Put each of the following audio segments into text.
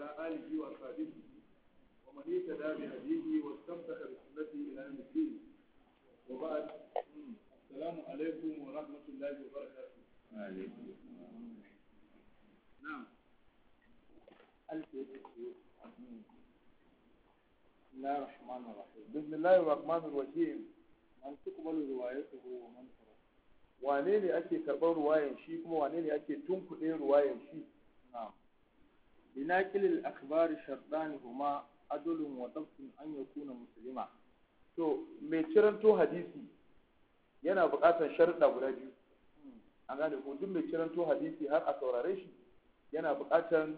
وعلى آله وأصحابه ومن اهتدى بهديه واستمسك بسنته إلى يوم الدين وبعد السلام عليكم ورحمة الله وبركاته نعم ألف بسم الله الرحمن الرحيم بسم الله الرحمن الرحيم من تقبل روايته ومن wane ne اكي karɓar ruwayan شي kuma wane ne ake tunkuɗe ruwayan shi لناقل الأخبار شرطان هما عدل وضبط أن يكون مسلما to mai ciranto hadisi yana buƙatar sharuɗa guda biyu an gane ko duk mai ciranto hadisi har a saurare shi yana buƙatar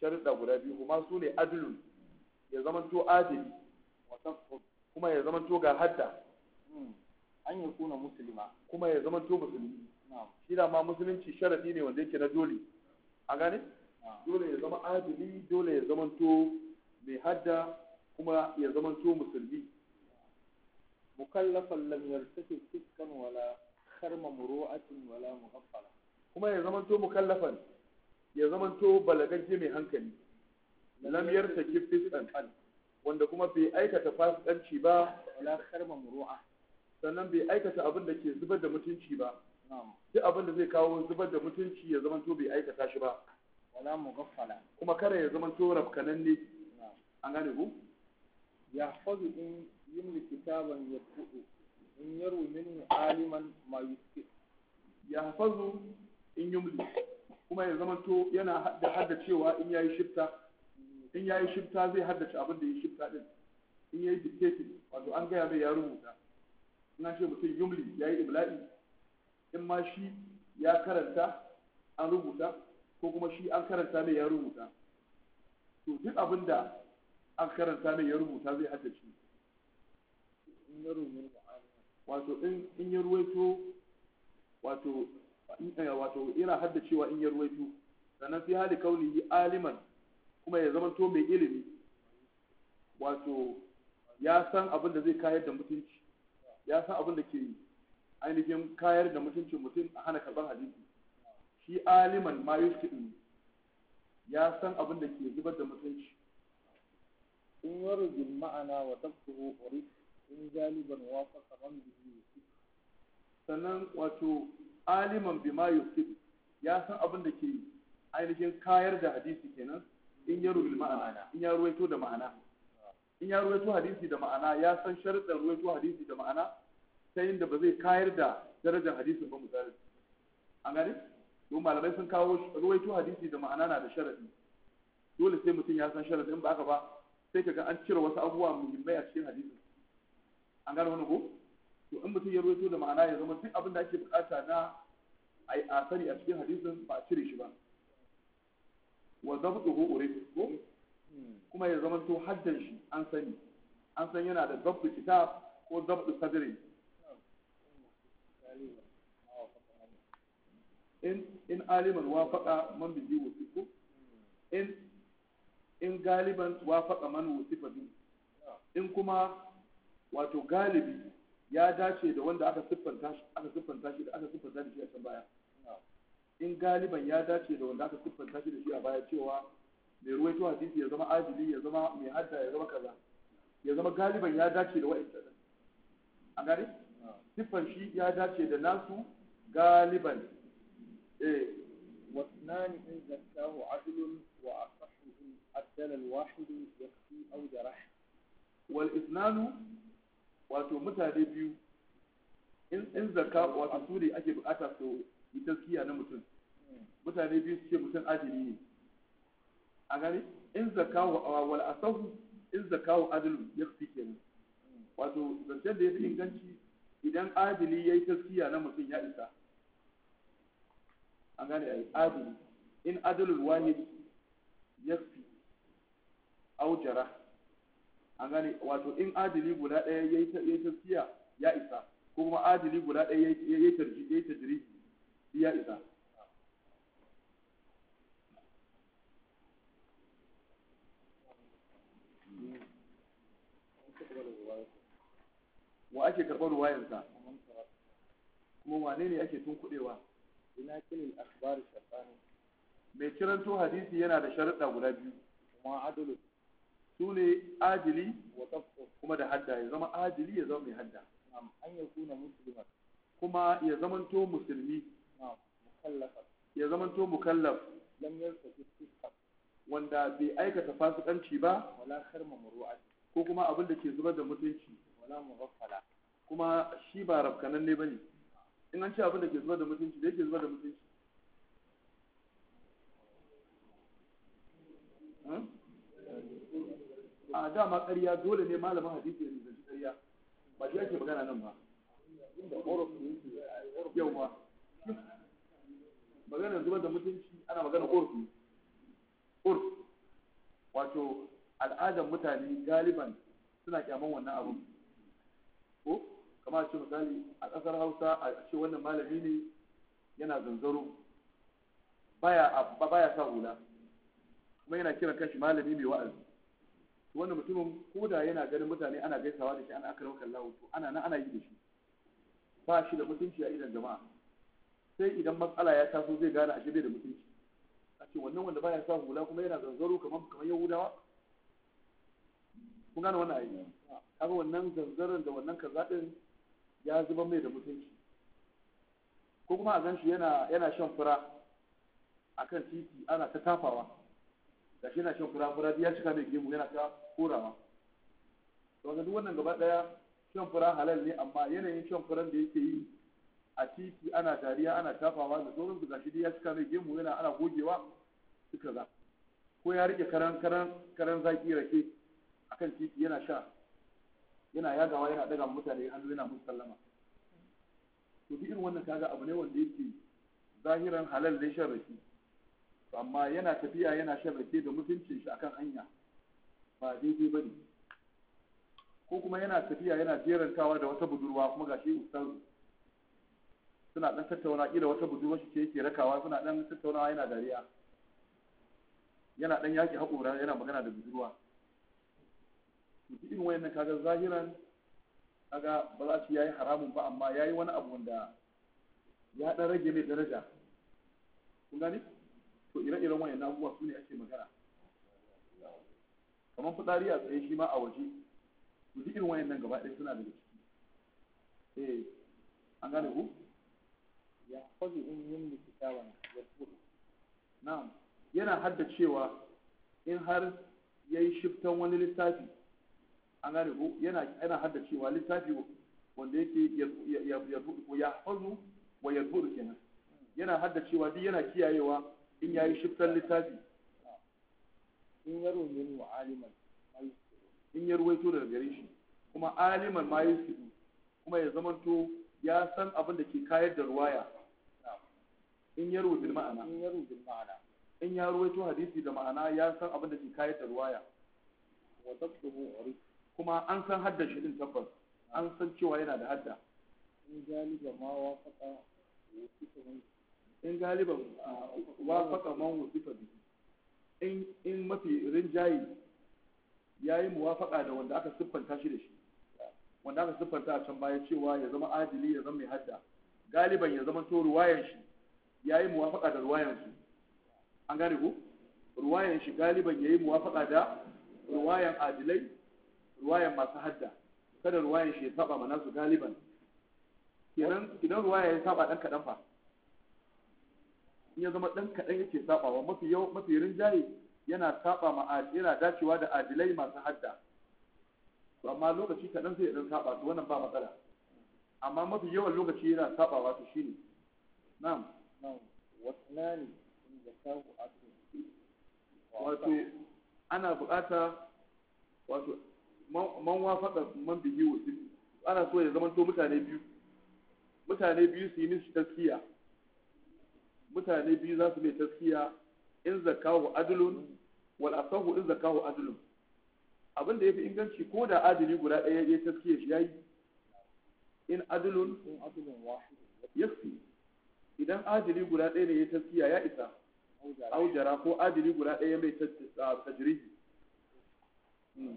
sharuɗa guda biyu kuma su ne adilun ya zamanto adili kuma ya zamanto ga hadda an ya kuna musulma kuma ya zamanto musulmi shi da ma musulunci sharaɗi ne wanda yake na dole a gane dole ya zama adili dole ya zamanto mai hadda kuma ya zamanto musulmi mukallafan lamiyar take fiskan wala karma muru'atin wala muhaffala kuma ya zamanto mukallafan ya zamanto balagagge mai hankali lam yartaki fiskan wanda kuma bai aikata fasikanci ba wala karma muru'a sannan bai aikata abin da ke zubar da mutunci ba duk abin da zai kawo zubar da mutunci ya zamanto bai aikata shi ba wala kuma kare ya zama to rafkanan ne an gane ku ya fadu in yumli kitaban ya kudu in yarwi minhu aliman ma yuski ya fadu in yumli kuma ya zama to yana da haddacewa in yayi shifta in yayi shifta zai haddace abin da ya shifta din in yayi dictating wato an gaya mai ya rubuta ina ce mutum yumli yayi ibla'i in ma shi ya karanta an rubuta ko kuma shi an karanta mai ya rubuta to duk abin da an karanta mai ya rubuta zai haddace wato in ya ruwaito wato eh, wato yana haddacewa in ya ruwaito sannan fi hali kauni aliman kuma ya zama to mai ilimi wato ya san abin da zai kayar da mutunci ya san abin da ke ainihin kayar da mutuncin mutum a hana karɓar hadisi shi aliman ma yufti ya san abin da ke zubar da mutunci in yarjin ma'ana wa dabtuhu urif in galiban wafaqa man yuski sannan wato aliman ma yufti ya san abin da ke ainihin kayar da hadisi kenan in ya rubil ma'ana in ya ruwaito da ma'ana in ya ruwaito hadisi da ma'ana ya san sharuɗin ruwaito hadisi da ma'ana ta yin da ba zai kayar da darajar hadisin ba misali an gane to malamai sun kawo ruwaito hadisi da ma'ana na da sharadi dole sai mutum ya san sharadin ba ka ba sai kaga an cire wasu abubuwa muhimmai a cikin hadisin an gano wani ko to in mutum ya ruwaito da ma'ana ya zama duk abin da ake bukata na a sani a cikin hadisin ba a cire shi ba wa zabtuhu urid ko kuma ya zama to haddan shi an sani an san yana da zabtu kitab ko zabtu sadri in in aliman wafaqa man ji wasifu in in galiban wafaqa man wasifa bi in kuma wato galibi ya dace da wanda aka siffanta shi aka siffanta shi da aka siffanta shi a can baya in galiban ya dace da wanda aka siffanta shi da shi a baya cewa mai ruwaito hadisi ya zama ajili ya zama mai hadda ya zama kaza ya zama galiban ya dace da wa'in a gari siffan shi ya dace da nasu galiban واثنان إن زكاه عدل وأصحه إن أبدل الواحد يكفي أو جرح والاثنان wato mutane biyu in zaka wato su ne ake bukata su yi taskiya na mutum mutane biyu su ce mutum adili a gani in zaka wal asahu in zaka wa adilu ya fi kenan wato zancen da ya fi idan adili ya yi taskiya na mutum ya isa an gane yi adili in adalul wahid yafi aujara an gane wato in adili guda ɗaya yi tafiya ya isa ko kuma adili guda ɗaya yi tarji yayi tajribi ya isa wa ake karɓar ruwayansa kuma wane ne ake tun kuɗewa mai kiranto hadisi yana da sharuɗa guda biyu kuma adalu su ne kuma da hadda ya zama adili ya zama mai hadda an ya kuna kuma ya musulmi ya wanda bai aikata fasikanci ba wala kharma ko kuma abin da ke zubar da mutunci wala kuma shi ba rafkanan ne bane in an ce abin da ke zuwa da mutunci da yake zuwa da mutunci hmm? a dama ƙarya dole ne malamin hadisi ya nisanci ƙarya ba shi ake magana nan ba yauwa magana zuwa da mutunci ana magana urfi urfi wato al'adar mutane galiban suna kyaman wannan abu? ko kamar ce misali a ƙasar hausa a ce wannan malami ne yana zanzaro baya baya sa hula kuma yana kiran kashi malami mai wa'azi to wannan mutumin koda yana ganin mutane ana gaisawa da shi ana akrama kallahu to ana nan ana yi da shi ba shi da mutunci a idan jama'a sai idan matsala ya taso zai gane a bai da mutunci a ce wannan wanda baya sa hula kuma yana zanzaro kamar kamar yahudawa kun gane wannan ayi kaga wannan zanzaron da wannan kaza din ya zuba mai da mutunci ko kuma a gan shi yana shan fura a kan titi ana ta tafawa da shi yana shan fura fura ya cika mai gemu yana ta korawa to ga duk wannan gaba daya shan fura halal ne amma yanayin shan furan da yake yi a titi ana dariya ana tafawa da sauran su gashi ya cika mai gemu yana ana gogewa suka za ko ya rike karan karan karan zaki rake akan titi yana sha yana yagawa yana daga mutane hannu yana musu sallama to duk irin wannan kaga abu ne wanda yake zahiran halal ne sharri amma yana tafiya yana shan da mutuncin shi akan hanya ba daidai bane ko kuma yana tafiya yana jerantawa da wata budurwa kuma gashi ustaz suna dan tattauna kila wata budurwa shi ce yake rakawa suna dan tattaunawa yana dariya yana dan yaki haƙura yana magana da budurwa irin wayannan kaga zahiran kaga ba za su yayi haramun ba amma yayi wani abu wanda ya dan rage mai daraja kun gani to ire-iren wayannan abubuwa su ne ake magana kamar fitsari a tsaye shi ma a waje to duk irin wayannan gaba ɗaya suna daga ciki eh an gane ku ya kwabi in yin likitawan ya kudu na'am yana haddacewa in har yayi shiftan wani lissafi. an gane ko yana yana cewa littafi wanda yake ya hazu wa yadburu kenan yana cewa duk yana kiyayewa in yayi shiftan littafi in ya ruwaito aliman in ya ruwaito da gare shi kuma aliman ma yake kuma ya zamanto ya san abin da ke kayar da ruwaya in ya bil ma'ana in ya bil ma'ana in ya ruwaito hadisi da ma'ana ya san abin da ke kayar da ruwaya wa tabtuhu kuma an san hadda shi din tabbas an san cewa yana da hadda in galiba ma wa faka in galiba wa faka ma wa bi in mafi rinjayi yayi muwafaka da wanda aka siffanta shi da shi wanda aka siffanta a can baya cewa ya zama adili ya zama mai hadda galiban ya zama to ruwayan shi yayi muwafaka da ruwayan shi an gane ku ruwayan shi galiban yayi muwafaka da ruwayan adilai ruwayan masu hadda kada ruwayan shi ya saba mana su galiban kenan idan ruwaya ya saba dan kadan fa in ya zama dan kadan yake wa mafi yau mafi jayi yana saba ma yana dacewa da adilai masu hadda to amma lokaci kadan sai ya dan saba to wannan ba matsala amma mafi yawan lokaci yana wa to shine na'am na'am wasnani in zakahu wato ana bukata wato man wafaka man bihi wa ana so ya to mutane biyu mutane biyu su yi mishi taskiya mutane biyu za su mai taskiya in zakahu adlun wal asahu in zakahu adlun abin da yafi inganci ko da adili guda ɗaya ya taskiya shi yayi in adlun in adlun wahid yafi idan adili guda ɗaya ne ya taskiya ya isa aujara ko adili guda ɗaya mai ah, tajriji hmm.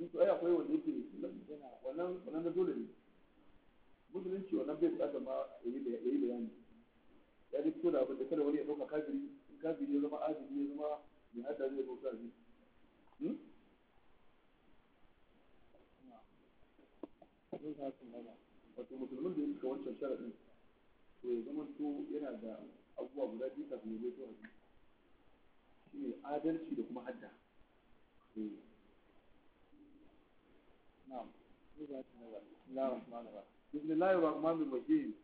shi ko ya koyi wanda yake wannan wannan da dole ne musulunci wannan bai da ma yayi da yayi bayani ya ji ko da abin da kada wani ya ɗauka kafiri kafiri ya zama azumi ya zama mai hada zai bauta ne hmm? wato musulmin da ya cika wancan sharaɗin to ya zama to yana da abubuwa guda biyu kafin ya zai to hadisi shi ne adalci da kuma hadda eh. بسم الله الرحمن الرحيم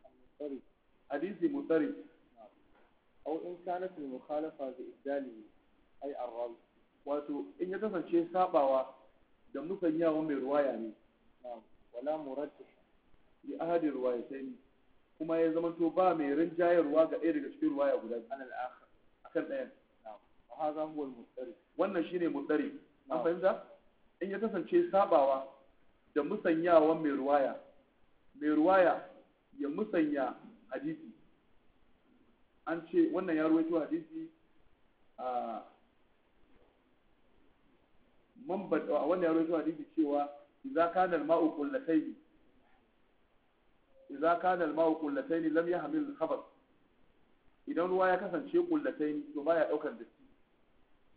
حديث مضطرب أو إن كانت المخالفة بإبداله أي الرب wato in ya kasance sabawa da musanyawa mai ruwaya ne wala muradda li ahadi ruwayatayn kuma ya zamanto ba mai rinjayarwa ga ɗaya daga cikin ruwaya guda biyu alal akhar akan ɗayan wa hadha huwa al-mustari wannan shine an fahimta in ya kasance sabawa da musanyawan mai ruwaya mai ruwaya ya musanya hadisi an ce wannan ya ruwaito hadisi a man ba wannan ya ruwaito hadisi cewa idza kana al-ma'u qullatayn idza kana al-ma'u qullatayn lam yahmil al-khabar idan ruwa ya kasance qullatayn to baya daukar datti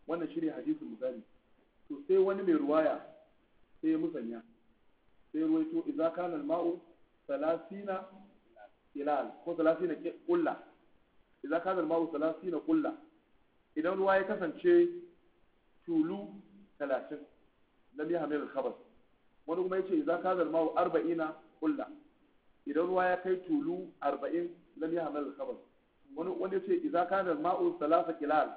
wannan shine mu misali to sai wani mai ruwaya sai ya musanya sai ruwaito idza kana al-ma'u 30 hilal ko 30 kulla idza kana al-ma'u 30 kulla idan ruwa ya kasance tulu 30 lam yahmil al-khabar wani kuma yace idza kana al-ma'u 40 kulla idan ruwa ya kai tulu 40 lam yahmil al-khabar wani wanda yace idza kana al-ma'u 3 hilal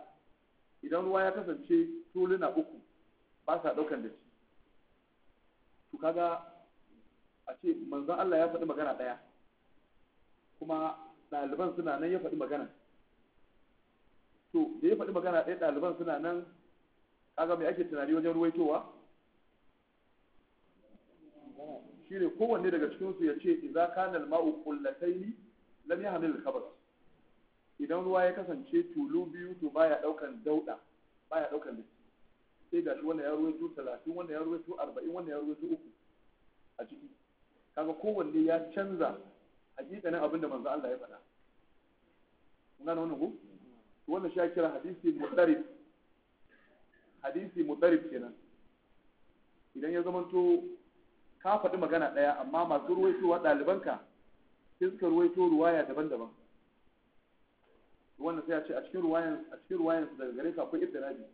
idan ruwa ya kasance tuluna uku ba sa daukan da shi to kaga a ce manzan Allah ya faɗi magana ɗaya kuma ɗaliban suna nan ya faɗi magana to da ya faɗi magana ɗaya ɗaliban suna nan kaga mai ake tunani wajen ruwaitowa shi ne kowanne daga cikinsu ya ce idza kana al-ma'u ni lam ya al-khabar idan ruwa ya kasance tulu biyu to baya daukan ba baya ɗaukan da sai shi wannan ya ruwaito talatin wannan ya ruwaito arba'in wannan ya ruwaito uku a ciki kaga kowanne ya canza hakikanin abin da manzo Allah ya faɗa kun gane wannan ku wannan shi ya kira hadisi mutarif hadisi mutarif kenan idan ya to ka faɗi magana ɗaya amma masu ruwaitowa ɗalibanka sai suka ruwaito ruwaya daban-daban wannan sai a ce a cikin ruwayan a cikin ruwayan su daga gare ka akwai ibtirabi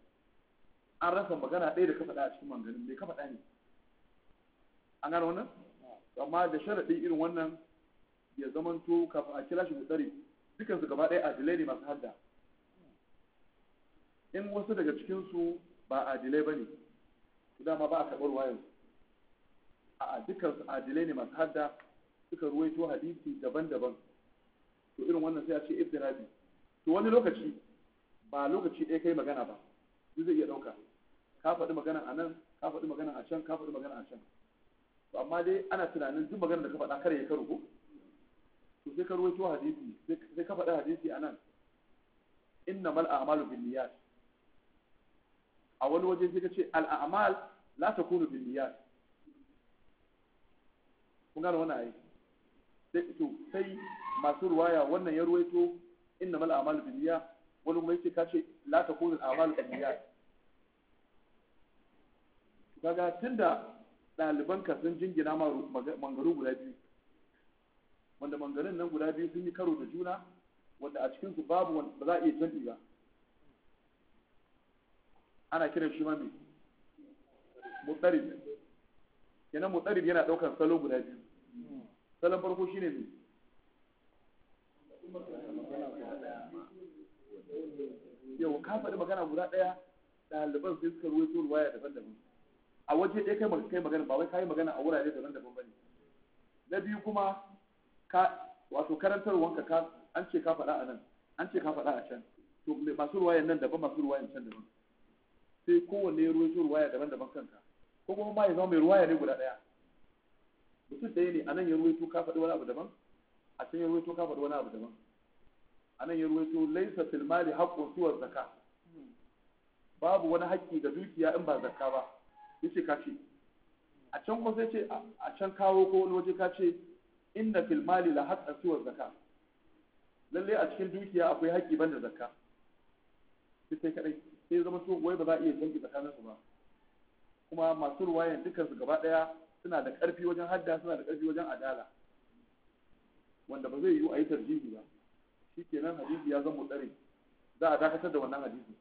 an rasa magana ɗaya da ka faɗa a cikin manganin me ka faɗa ne an gane wannan amma da sharaɗi irin wannan ya zamanto kafin a kira shi mutsari dukansu gaba ɗaya adilai ne masu hadda in wasu daga cikinsu ba adilai ba ne dama ba a karɓar wayan a dukansu adilai ne masu hadda suka ruwaito hadisi daban-daban to irin wannan sai a ce ibtirabi to wani lokaci ba lokaci ɗaya kai magana ba zai iya ɗauka ka faɗi magana a nan ka faɗi magana a can ka faɗi magana a can to amma dai ana tunanin duk magana da ka faɗa kare ya karo ko to sai ka ruwaito hadisi sai ka faɗa hadisi anan mal a'malu niyyat a wani waje sai ka ce al a'mal la takunu niyyat kun gane wannan ayi sai to sai masu ruwaya wannan ya ruwaito mal a'malu niyyat wani mai ce ka ce la takunu al a'malu niyyat kaga tunda ɗaliban ka sun jingina ma mangaru guda biyu wanda mangarin nan guda biyu sun yi karo da juna wanda a cikinsu babu ba za a iya jam'i ba ana kiran shi ma mai mutsarib kenan mutsarib yana ɗaukar salo guda biyu salon farko shi ne mai yau ka faɗi magana guda ɗaya ɗaliban sai suka ruwaito ruwaya daban-daban a waje ɗaya kai kai magana ba wai kai magana a wurare daban-daban bane na biyu kuma ka wato karantarwanka ka an ce ka faɗa a nan an ce ka faɗa a can to masu ruwayan nan daban masu ruwayan can daban sai kowanne ya ruwaito ruwaya daban-daban kanka ko kuma ma ya zama mai ruwaya ne guda ɗaya mutum ɗaya ne a nan ya ruwaito ka faɗi wani abu daban a can ya ruwaito ka faɗi wani abu daban a nan ya ruwaito laisa fil mali haqqun siwa zakka babu wani haƙƙi da dukiya in ba zakka ba yace ka ce a can kuma sai ce a can kawo ko wani waje ka ce inna fil mali la haqqan suwa zakka lalle a cikin dukiya akwai haƙƙi banda zakka sai kadai sai zama su wai ba za a iya canji tsakanin su ba kuma masu ruwayan dukkan su gaba daya suna da ƙarfi wajen hadda suna da ƙarfi wajen adala wanda ba zai yiwu a yi tarjihi ba shikenan hadisi ya zama tsare za a dakatar da wannan hadisi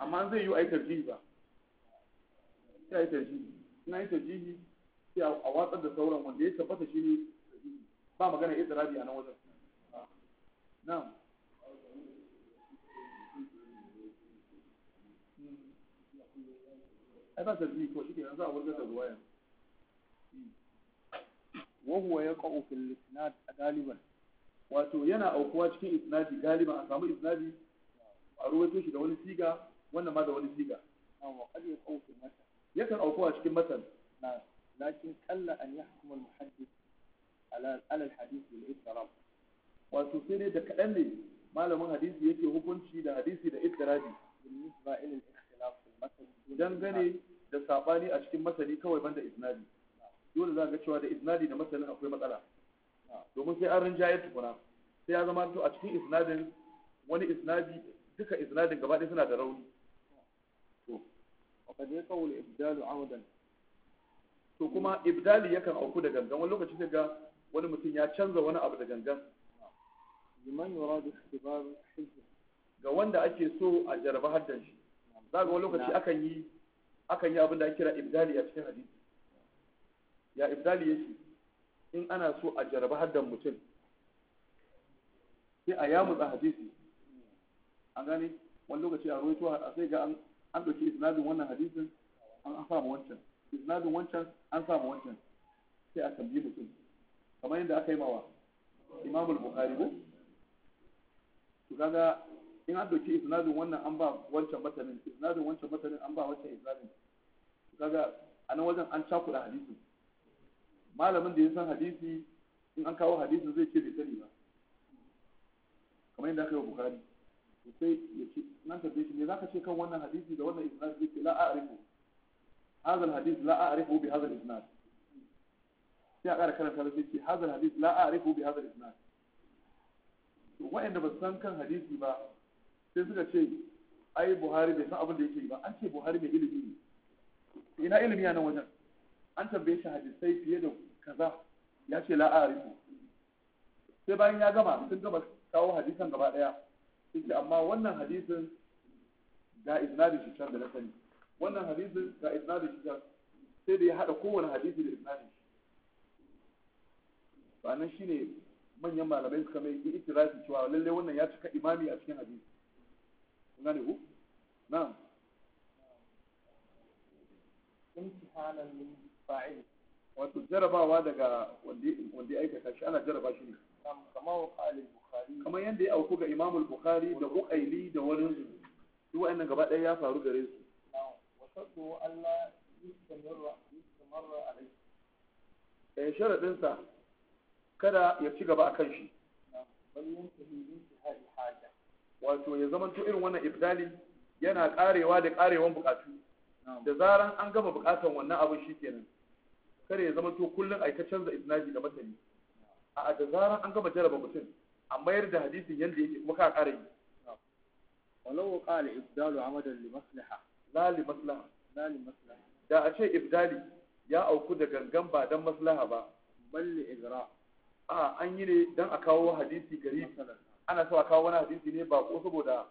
amma an zai yiwu a yi tarjihi ba sai yi tarjihi ina yi tarjihi sai a watsar da sauran wanda ya tabbata shi ne ba magana rabi a nan wajen na'am hmm. ai ba tarjihi ko shi ke yanzu a wajen da ruwaya وهو يقع في a غالبا wato yana aukuwa cikin isnadi galiban a samu isnadi a ruwaito shi da wani siga wannan ma da wani siga an wa qad yaqau fi yakan auku a cikin masal na lakin kalla an yahkum al muhaddith alal hadisi da bil istirab wato sai dai da kaɗan ne malamin hadisi yake hukunci da hadisi da istirabi بالنسبه الى الاختلاف في المثل dangane da sabani a cikin masali kawai banda isnadi dole za ga cewa da isnadi da masalin akwai matsala domin sai an rinjaye tukuna sai ya zama to a cikin isnadin wani isnadi duka isnadin gaba ɗaya suna da rauni faƙad ya kawo ibdalu amadan to kuma ibdali yakan auku da gangan wani lokaci sai ga wani mutum ya canza wani abu da gangan liman yuradu ikhtibar hizbi ga wanda ake so a jaraba haddan shi za ga wani lokaci akan yi akan yi abin da ake kira ibdali a cikin hadisi ya ibdali yake in ana so a jaraba haddan mutum sai a yamutsa hadisi an gane wani lokaci a ruwaito a sai ga an. an ɗauki isnadin wannan hadisin an sa wancan isnadin wancan an sa wancan sai a tambayi mutum kamar yadda aka yi mawa imamul bukhari ko to kaga in an ɗauki isnadin wannan an ba wancan matanin isnadin wancan matanin an ba wancan isnadin to kaga a nan wajen an cakuɗa hadisin malamin da ya san hadisi in an kawo hadisin zai ce bai sani ba kamar yadda aka yi wa bukhari sai ya ce nan tafi shi ne zaka ce kan wannan hadisi da wannan isnad zai ce la a'rifu hadha hadis la a'rifu bi hadha isnad sai a kara karanta sai ce hadha hadis la a'rifu bi hadha isnad to wa'anda ba san kan hadisi ba sai suka ce ai Buhari bai san abin da yake ba an ce Buhari mai ilimi ne ina ilimi a nan wajen an tambaye shi hadisai fiye da kaza ya ce la a'rifu sai bayan ya gama sun gama kawo hadisan gaba daya sai amma wannan hadisin ga isnadin shi can da na sani wannan hadisin ga isnadin shi can sai da ya hada kowane hadisi da isnadin shi sannan shine manyan malamai suka mai itirafi cewa lalle wannan ya cika imami a cikin hadisi kun gane ku na'am imtihanan min fa'il wato jarabawa daga wanda ya aikata shi ana jaraba shi ne kamar yadda ya auku ga imamul bukhari da ukaili da wani su duk wa'annan gaba ya faru gare su eh sharaɗinsa kada ya ci gaba a kan shi wato ya zama to irin wannan ibdali yana karewa da karewan bukatu da zaran an gama bukatan wannan abin shi kenan kada ya zama to kullum aika canza isnadi da matani a da zarar an gama jaraba mutum a mayar da hadisin yadda yake kuma ka kare yi walau qala ibdalu amadan li maslaha la li maslaha la li maslaha da a ce ibdali ya auku da gangan ba dan maslaha ba balli igra a an yi ne dan a kawo hadisi gari ana so a kawo wani hadisi ne ba ko saboda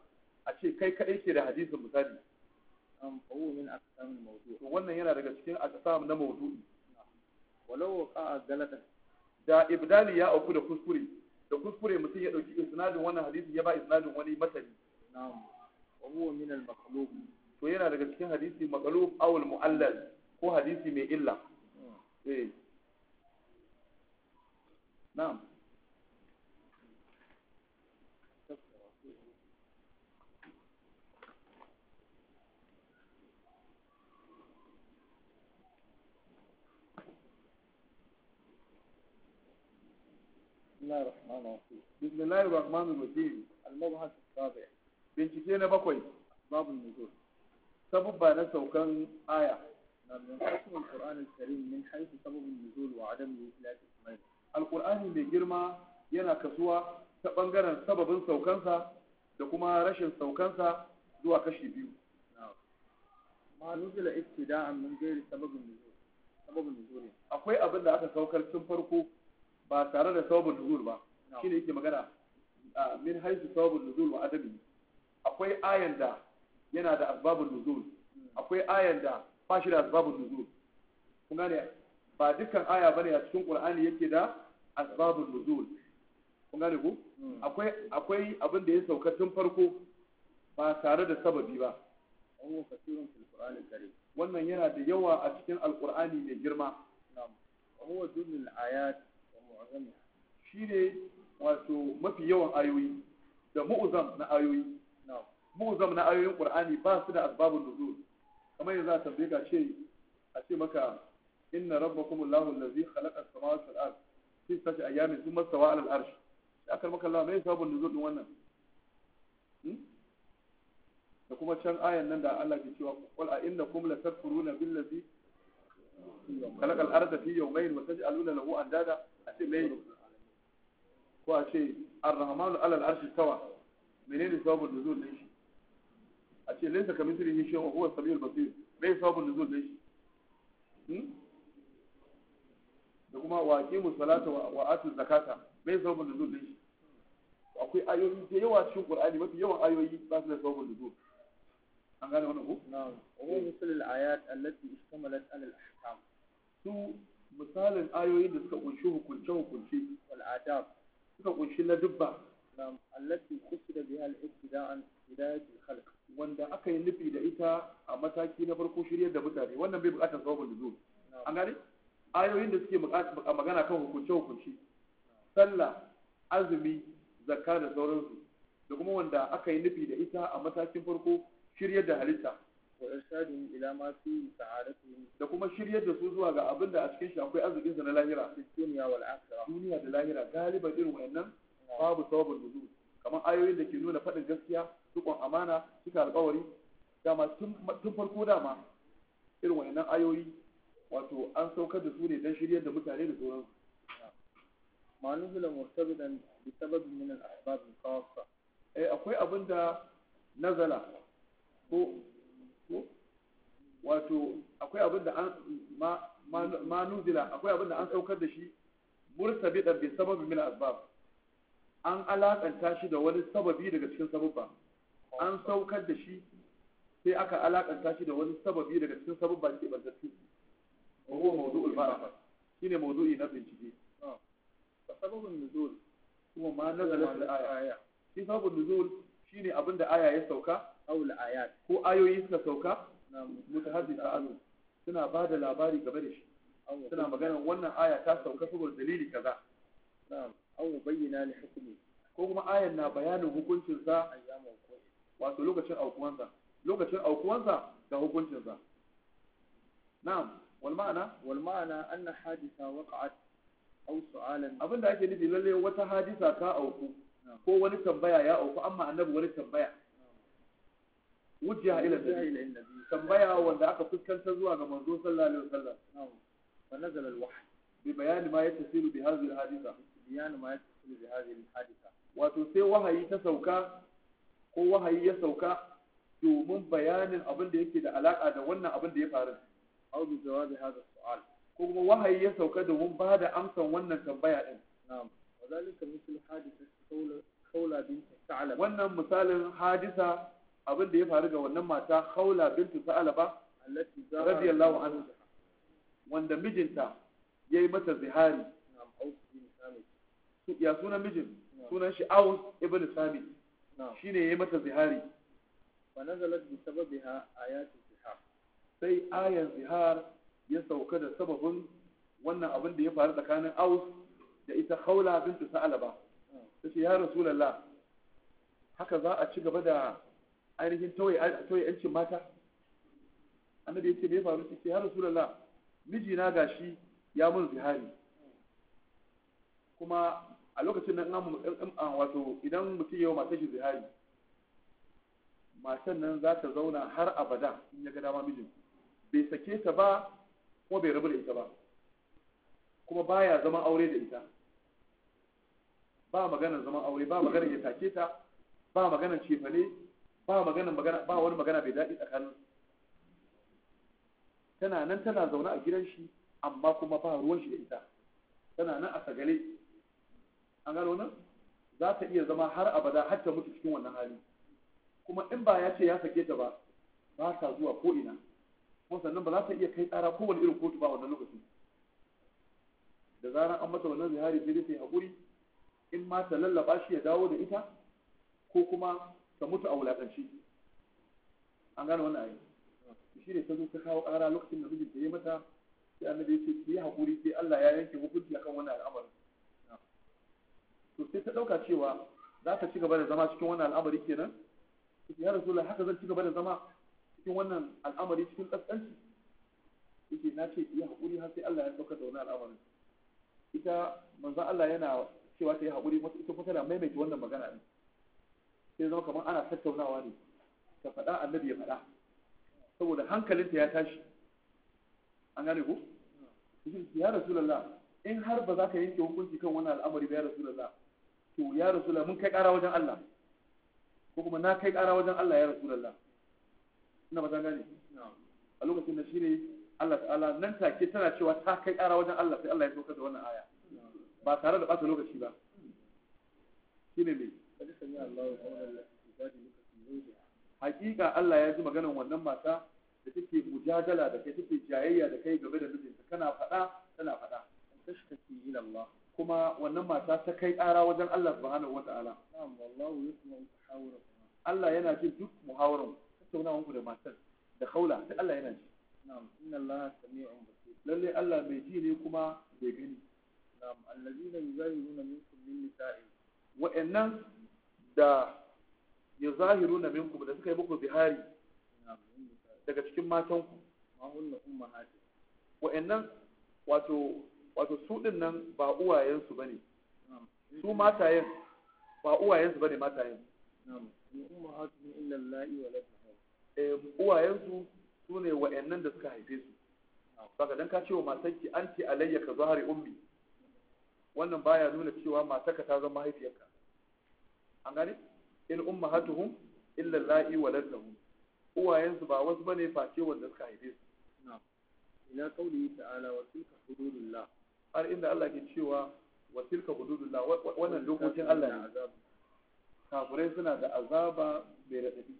a ce kai kadai ke da hadisin misali min aqsam al-mawdu' to wannan yana daga cikin aqsam na mawdu'i walau a galata da ibdali ya auku da kuskure da kuskure mutum ya dauki isnadin wannan hadisi ya ba isnadin wani matali na'am wa huwa min al-maqlub to yana daga cikin hadisi maqlub aw al-mu'allal ko hadisi mai illa hmm. eh na'am bismillahir rahmanir rahim al-mabhas as-sabi bincike na bakwai babul nuzul sabubba na saukan aya na min qasmul qur'an al-karim min haythu sababun nuzul wa adam islat ismail al-qur'ani mai girma yana kasuwa ta bangaren sababin saukansa da kuma rashin saukansa zuwa kashi biyu ma nuzula ibtida'an min ghairi sababin nuzul sababin nuzul akwai abin da aka saukar tun farko ba tare da sababin nuzul ba shine yake magana min haizu sababu nuzul wa adami akwai ayan da yana da asbabun nuzul akwai ayan da ba shi da asbabun nuzul kun gane ba dukkan aya bane a cikin qur'ani yake da asbabun nuzul kun gane ku hmm. akwai akwai abin da ya sauka tun farko ba tare da sababi ba wannan yana da yawa a cikin alqur'ani mai girma na'am huwa dunnul ayat wa wato mafi yawan ayoyi da mu'uzam na ayoyi mu'uzam na ayoyin qur'ani ba su da asbabun nuzul kamar yanzu a tambaye ka ce a ce maka inna rabbakum allahu allazi khalaqa as-samawati wal ard fi sittati ayamin thumma stawa 'ala al-arsh akal maka allah mai sabon nuzul din wannan hmm? da kuma can ayan nan da Allah ke cewa qul a innakum la takfuruna billazi khalaqa al-arda fi yawmayn wa taj'aluna lahu andada a ce mai ko a ce ar-rahmanu alal arshi tawa menene sababin nuzul din shi a ce laysa kamithlihi shay'un wa huwa as-sami'ul basir bai sababin nuzul din shi hmm? da kuma wa aqimu salata wa atu zakata bai sababin nuzul din shi akwai ayoyi da yawa cikin qur'ani mafi yawan ayoyi ba su da sababin nuzul an gane wannan ko na'am wa huwa misalul ayat allati ishtamalat ala al-ahkam su misalin ayoyin da suka kunshi hukunce-hukunce wal adab suka kunshi na dubba allati kusida bi al ibtida'an hidayat al khalq wanda aka yi nufi da ita a mataki na farko shiryar da mutane wannan bai bukatar sabon nuzul an gane ayoyin da suke magana kan hukunce hukunci sallah azumi zakka da sauransu da kuma wanda aka yi nufi da ita a matakin farko shiryar da halitta وإرشادهم إلى ما فيه سعادتهم da kuma shiryar da su zuwa ga abin da a cikin shi akwai arzikin sa na lahira duniya wal akhirah duniya da lahira galiban irin wayannan babu sababul nuzul kamar ayoyin da ke nuna faɗin gaskiya tukun amana cika alƙawari dama tun farko dama irin wayannan ayoyi wato an saukar da su ne don shiryar da mutane da sauransu ma nuzula murtabidan bi sababin min al-asbab al-khassa eh akwai abinda da nazala ko wato akwai abin da an ma nuzila akwai abin da an saukar da shi murtabidan bi sababin min asbab an alakanta shi da wani sababi daga cikin sababba an saukar da shi sai aka alakanta shi da wani sababi daga cikin sababba ke bantattu ko huwa mawdu'ul ma'rifa shine mawdu'i na bincike sababin nuzul kuma ma nazalat al-aya shi sababin nuzul shine abin da aya ya sauka aw al-ayat ko ayoyi suka sauka a anhu suna ba da labari gaba da shi suna magana wannan aya ta sauka saboda dalili kaza na'am aw bayyana li hukmi ko kuma ayan na bayanin hukuncin sa wato lokacin aukuwansa lokacin aukuwansa da hukuncin sa na'am wal ma'ana wal ma'ana anna hadisa waqa'at aw su'alan abinda ake nufi lalle wata hadisa ta auku ko wani tambaya ya auku amma annabi wani tambaya wujiya ila nabi tambaya wanda aka fuskanta zuwa ga manzo sallallahu alaihi wasallam fa nazala alwahy bi bayani ma yattasilu bi hadhihi alhaditha bayani ma yattasilu bi hadhihi alhaditha wato sai wahayi ta sauka ko wahayi ya sauka domin bayanin abin da yake da alaka da wannan abin da ya faru au bi jawabi hadha su'al ko kuma wahayi ya sauka domin ba da amsan wannan tambaya din na'am wadalika mithl hadithatu qawla qawla bint sa'lab wannan misalin hadisa abin da ya faru ga wannan mata haula bintu sa'alaba radiyallahu anhu, wanda mijinta ya yi mata zihari ya sunan mijin sunan shi aus ibn sami shi ne ya yi mata zihari fa nazalat bi sababiha ayatu zihar sai ayan zihar ya sauka da sababin wannan abin da ya faru tsakanin aus da ita haula bintu sa'alaba ta ce ya rasulallah haka za a ci gaba da ainihin tauye yancin mata annabi ya ce me faru har ya rasulullah mijina gashi ya mun zihari kuma a lokacin nan an wato idan mutum yau mata shi zihari matan nan za ta zauna har abada in ya ga dama mijin bai sake ta ba ko bai rabu da ita ba kuma baya zama aure da ita ba maganar zama aure ba maganar ya take ta ba maganar cefane ba magana magana ba wani magana bai daɗi tsakanin tana nan tana zaune a gidan shi amma kuma ba ruwan shi da ita tana nan a sagale an gano nan za ta iya zama har abada har ta mutu cikin wannan hali kuma in ba ya ce ya sake ta ba ba ta zuwa ko ina kuma sannan ba za ta iya kai tsara kowane irin kotu ba wannan lokacin da zarar an mata wannan zihari sai dai ta yi haƙuri in ma ta lallaba shi ya dawo da ita ko kuma ka mutu a wulakanci an gane wannan ayi shi ne ta zo ta kawo ƙara lokacin da mijinta ya mata sai annabi ya ce ki yi hakuri sai Allah ya yanke hukunci akan wannan al'amari to sai ta ɗauka cewa za ta ci gaba da zama cikin wannan al'amari kenan ya rasulullah haka zan ci gaba da zama cikin wannan al'amari cikin ƙasƙanci yake na ce yi haƙuri har sai Allah ya ɗauka da wani al'amarin ita manzon Allah yana cewa ta yi haƙuri ita kuma tana maimaita wannan magana ne sai zama kamar ana tattaunawa ne ta faɗa annabi ya faɗa saboda hankalinta ya tashi an gane ku ya rasulullah in har ba za ka yanke hukunci kan wani al'amari ba ya rasulullah to ya rasulullah mun kai ƙara wajen Allah ko kuma na kai ƙara wajen Allah ya rasulullah ina ba ta gane a lokacin da shine Allah ta'ala nan take tana cewa ta kai ƙara wajen Allah sai Allah ya saukar da wannan aya ba tare da ɓata lokaci ba shine ne hakika Allah ya ji maganar wannan mata da take mujadala da kai take jayayya da kai game da mijinta kana faɗa tana faɗa tashtaki ila Allah kuma wannan mata ta kai ƙara wajen Allah subhanahu wata'ala na'am wallahu Allah yana ji duk muhawaran tattaunawan ku da matar da kaula Allah yana ji na'am inna Allah sami'un basir lalle Allah mai ji ne kuma bai gani na'am allazina yuzayiruna minkum min nisa'i wa'annan da ya zahiru na minku da suka yi muku zihari daga cikin matanku ma'unna umar hati wa'annan wato su din nan ba uwayensu ne su matayen ba uwayensu ne matayen eh, uwayensu su ne uwayensu sune wa'annan da suka haife su ka dan ka ce wa matarki anti alayya ka zahari ummi wannan baya nuna cewa matarka ta zama mahaifiyarka an in ummahatuhum illa la'i waladahum uwayensu ba wasu bane face wanda suka haife su na'am ila qawli ta'ala wa tilka hududullah har inda Allah ke cewa wa tilka hududullah wannan dokokin Allah ne kafirai suna da azaba mai radadi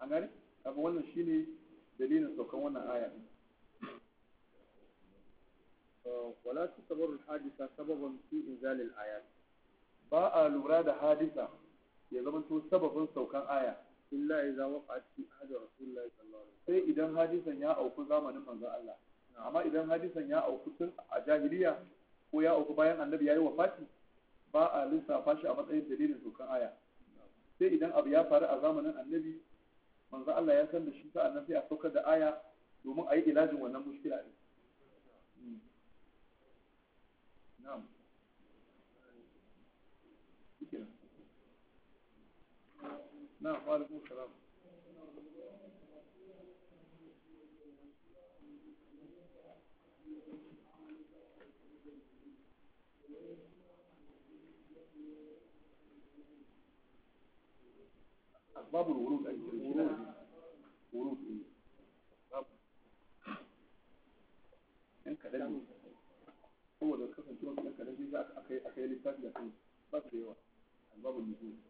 an gane abu wannan shine dalilin saukan wannan aya ولا تعتبر الحادثة سببا في إنزال الآيات ba a lura da hadisa ya zama to sababin saukan aya illa idza waqa'at fi ahdi rasulillahi sallallahu alaihi wasallam sai idan hadisan ya auku zamanin manzo Allah amma idan hadisan ya auku tun a jahiliya ko ya auku bayan annabi yayi wafati ba a lissafa shi a matsayin dalilin saukan aya sai idan abu ya faru a zamanin annabi manzo Allah ya san da shi sa'an nan sai a saukar da aya domin a yi ilajin wannan mushkila din hmm. na'am نعم وعليكم السلام أسباب الورود أي يعني الورود ورود إيه؟ أسباب إن كلامي هو ده كفن شو إن كلامي ذاك أخي أخي اللي فات لكن بس هو أسباب النزول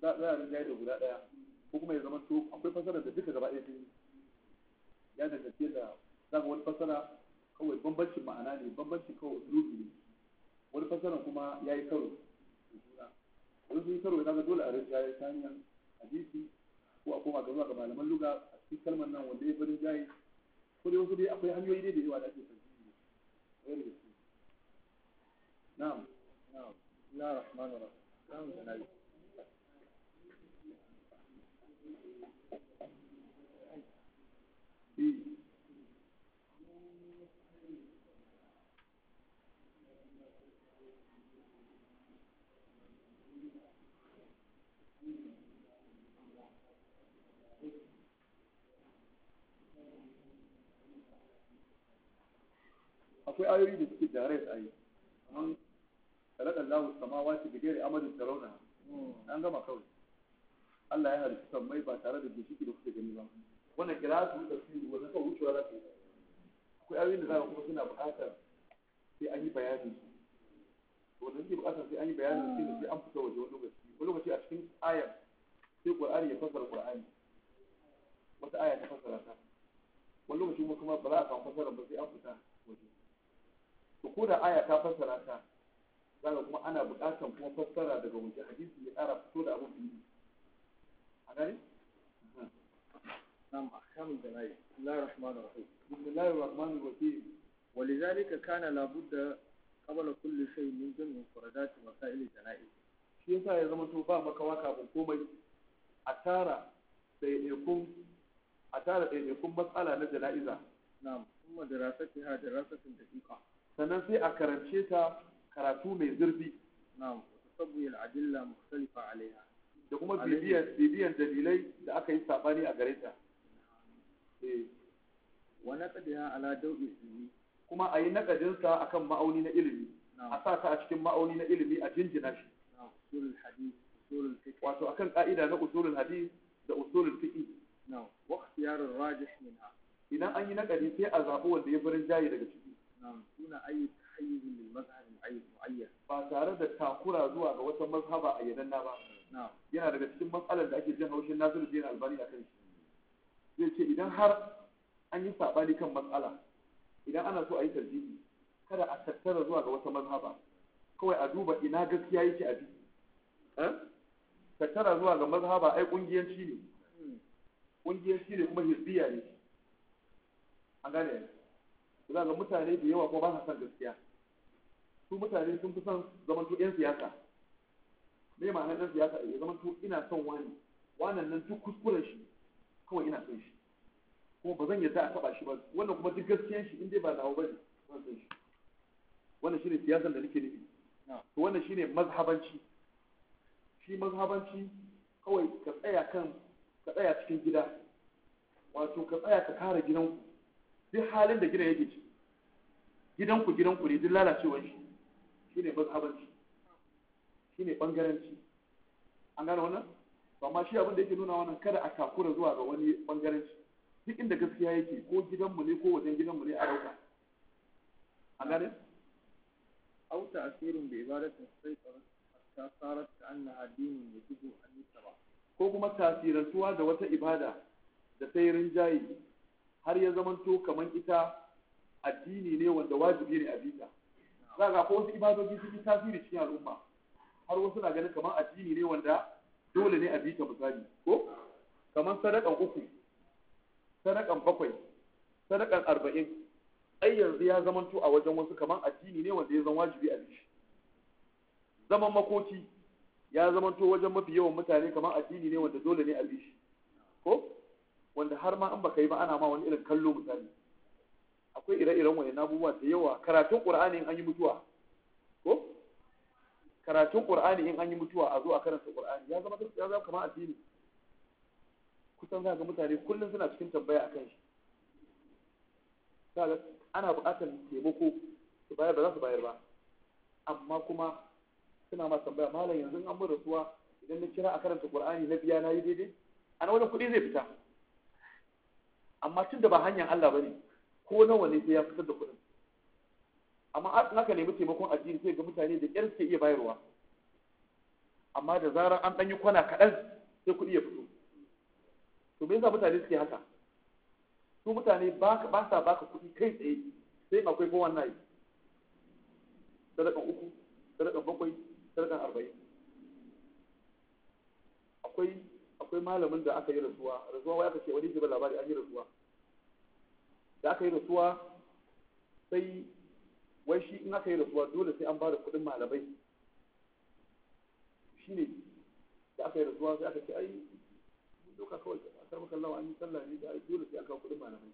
za a rinjaye da guda ɗaya ko kuma ya zama to akwai fasara da duka gaba ɗaya sun yi ya danganci da za ka wani fasara kawai bambancin ma'ana ne bambancin kawai lubi ne wani fasaran kuma ya yi karo wani sun yi karo ya dole a rinjaye ta hanyar hadisi ko a koma zuwa ga malaman luga a cikin kalmar nan wanda ya fi rinjaye ko dai wasu dai akwai hanyoyi dai da yawa da ake tarjihi ne na'am na'am na rahmanu rahim akwai ayoyi da suke tare da ayi kamar kalakar kama samawati bi gairi amadin tarauna an gama kawai Allah ya halitta sammai ba tare da gishiki da kuke gani ba wannan kiratu da su wannan kan wucewa za ta yi akwai ayoyin da za kuma suna buƙatar sai an yi bayanin su wanda suke buƙatar sai an yi bayanin su sai an fita waje wani lokaci wani lokaci a cikin ayar sai ƙur'ani ya fassara ƙur'ani wata aya ta fassara ta wani lokaci kuma kuma ba za a samu fassara ba sai an fita waje to ko da aya ta fassara ta zaka kuma ana buƙatar kuma fassara daga waje hadisi ya ƙara fito da abin fili a gani نعم أحكام الجنائز بسم الله الرحمن الرحيم بسم الله الرحمن الرحيم ولذلك كان لابد قبل كل شيء من جمع فرادات مسائل الجنائز shi yasa ya zama to ba makawa kafin komai a tara ɗaiɗaikun a tara matsala na jana'iza na'am kuma darasati ha darasatin daqiqa sannan sai a karance ta karatu mai zurfi na'am tasabbu al adilla mukhtalifa alaiha da kuma bibiyan bibiyan dalilai da aka yi sabani a gare ta Eh, wa naqdiha ala daw'i ilmi kuma a yi naqadin sa akan ma'auni na ilimi a sa ta a cikin ma'auni na ilimi a jinjina shi usulul hadith usulul fiqh wato akan ka'ida na usulul hadith da usulul fiqh na wa ikhtiyar rajih minha idan an yi naqadi sai a zabu wanda ya burin jayi daga ciki na suna ayi tahayyuz lil mazhab mu'ayyan ba tare da takura zuwa ga wata mazhaba na ba na yana daga cikin matsalar da ake jin haushin din Albani akan shi zai ce idan har an yi saɓani kan matsala idan ana so a yi tarjihi kada a tattara zuwa ga wata mazhaba kawai a duba ina gaskiya yake a biki eh? tattara zuwa ga mazhaba ai kungiyanci ne kungiyanci ne kuma hizbiya ne an gane za ga mutane da yawa kuma ba sa son gaskiya su mutane sun fi son zaman to yan siyasa me ma'anar yan siyasa ya zaman to ina son wani wannan nan duk kuskuren shi kawai ina son shi kuma ba zan yadda a taba shi ba wannan kuma duk gaskiyan shi in dai ba nawa bane zan san shi wannan shine siyasan da nake nufi to wannan shine mazhabanci shi mazhabanci kawai ka tsaya kan ka tsaya cikin gida wato ka tsaya ka kare gidanku duk halin da gidan yake ci gidanku gidanku ne duk lalacewar shi shine mazhabanci shine bangaranci an gane wannan amma shi abin da yake nuna wannan kada a takura zuwa ga wani bangaren duk inda gaskiya yake ko gidanmu ne ko wajen gidanmu ne a dauka a gane aw ta'sirun bi ibadatin saytara ta sarat annaha dinun yajibu an ba. ko kuma tasirantuwa da wata ibada da ta yi rinjaye har ya zamanto kamar ita addini ne wanda wajibi ne a bita za ga ko wasu ibadoji sun yi tasiri cikin al'umma har wasu na ganin kamar addini ne wanda dole ne a bi ta misali ko kamar sadakan uku sadakan bakwai sadakan arba'in ai yanzu ya to a wajen wasu kamar addini ne wanda ya zama wajibi a bi zaman makoci ya to wajen mafi yawan mutane kamar addini ne wanda dole ne a bi shi ko wanda har ma in baka yi ba ana ma wani irin kallo misali akwai ire-iren wani abubuwa da yawa karatun qur'ani an yi mutuwa karatun qur'ani in an yi mutuwa a zo a karanta qur'ani ya zama ya zama kamar addini kusan za ga mutane kullum suna cikin tambaya akan shi kaga ana buƙatar taimako su bayar ba za su bayar ba amma kuma suna ma tambaya malam yanzu an mun rasuwa idan na kira a karanta qur'ani na biya na yi daidai ana wani kuɗi zai fita amma tun da ba hanyar Allah bane ko nawa ne sai ya fitar da kuɗin amma haka nemi taimakon addini sai ga mutane da ƙyar suke iya bayarwa amma da zarar an ɗanyi kwana kaɗan sai kuɗi ya fito to me yasa mutane suke haka su mutane ba sa baka kuɗi kai tsaye sai akwai ko wannan yi sadakan uku sadakan bakwai sadakan arba'in akwai akwai malamin da aka yi rasuwa rasuwa wai aka ce wani ba labari an yi rasuwa da aka yi rasuwa sai wai shi in aka yi rasuwa dole sai an ba da kuɗin malamai shi ne da aka yi rasuwa sai aka ce ai doka kawai a karɓar kallawa an yi sallah ne da dole sai aka kuɗin malamai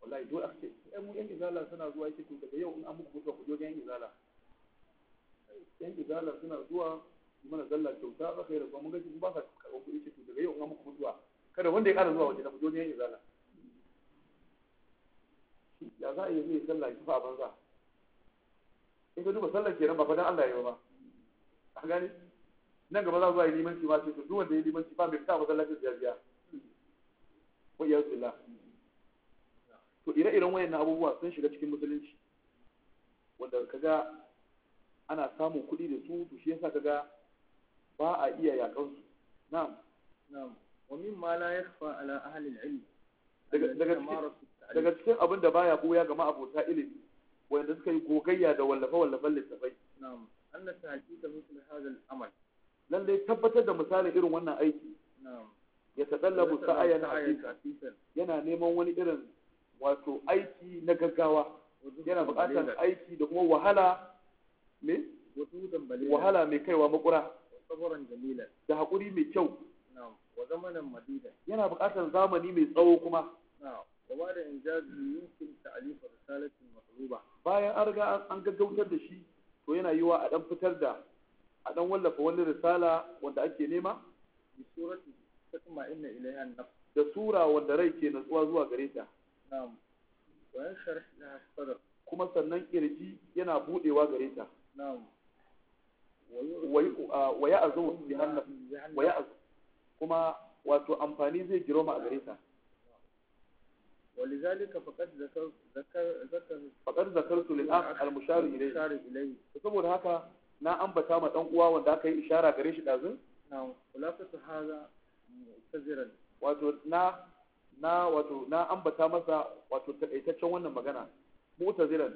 wallahi dole aka ce ɗan mu yan izala suna zuwa yake to daga yau in an muku kusa ku je yan izala yan izala suna zuwa mana zalla kyauta aka yi rasuwa mun ga ba sa karɓar kuɗi ce to daga yau in an muku mutuwa kada wanda ya ƙara zuwa waje na ku je yan izala ya za a yi zai sallah kifa a banza in ka duba sallar kenan ba fa dan Allah ya yi ba a gani nan gaba za zuwa yi limanci ma sai to duk wanda ya limanci ba mai fita masallacin ya biya wa ya billah to ire-iren wayannan abubuwa sun shiga cikin musulunci wanda kaga ana samun kuɗi da su to shi yasa kaga ba a iya yakan su na'am na'am wa mimma la yakhfa ala ahli al-ilm daga daga daga cikin abin da baya buya ga ma'abota ilimi wanda suka yi gogayya da wallafe-wallafen littafai na'am Allah amal tabbatar da misalin irin wannan aiki na'am ya tadallabu sa'ayan hakikan yana neman wani irin wato aiki na gaggawa yana buƙatar aiki da kuma wahala me wahala mai kaiwa makura da haƙuri mai kyau yana buƙatar zamani mai tsawo kuma وبعد إنجاز يمكن تعليف bayan an riga an gaggautar da shi to yana yiwa a dan fitar da a dan wallafa wani risala wanda ake nema bi surati inna ilayha an da sura wanda rai ke natsuwa zuwa gare ta na'am wa yashrah laha sadr kuma sannan kirji yana budewa gare ta na'am wa ya'zu bi hanna wa ya'zu kuma wato amfani zai girma a gare ta ولذلك فقد ذكر ذكر ذكر فقد ذكرت للاخ المشار اليه المشار اليه saboda هكا نا انبتا ما دان اوا وندا كاي اشاره ishara gare shi dazun na'am kulafatu hadha mu'taziran wato نا na wato na ambata masa wato wannan magana mu'taziran